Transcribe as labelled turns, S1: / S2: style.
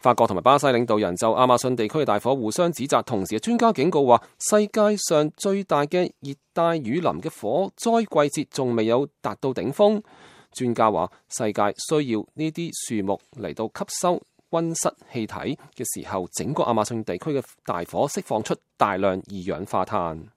S1: 法國同埋巴西領導人就亞馬遜地區嘅大火互相指責，同時專家警告話，世界上最大嘅熱帶雨林嘅火災季節仲未有達到頂峰。專家話，世界需要呢啲樹木嚟到吸收温室氣體嘅時候，整個亞馬遜地區嘅大火釋放出大量二氧化
S2: 碳。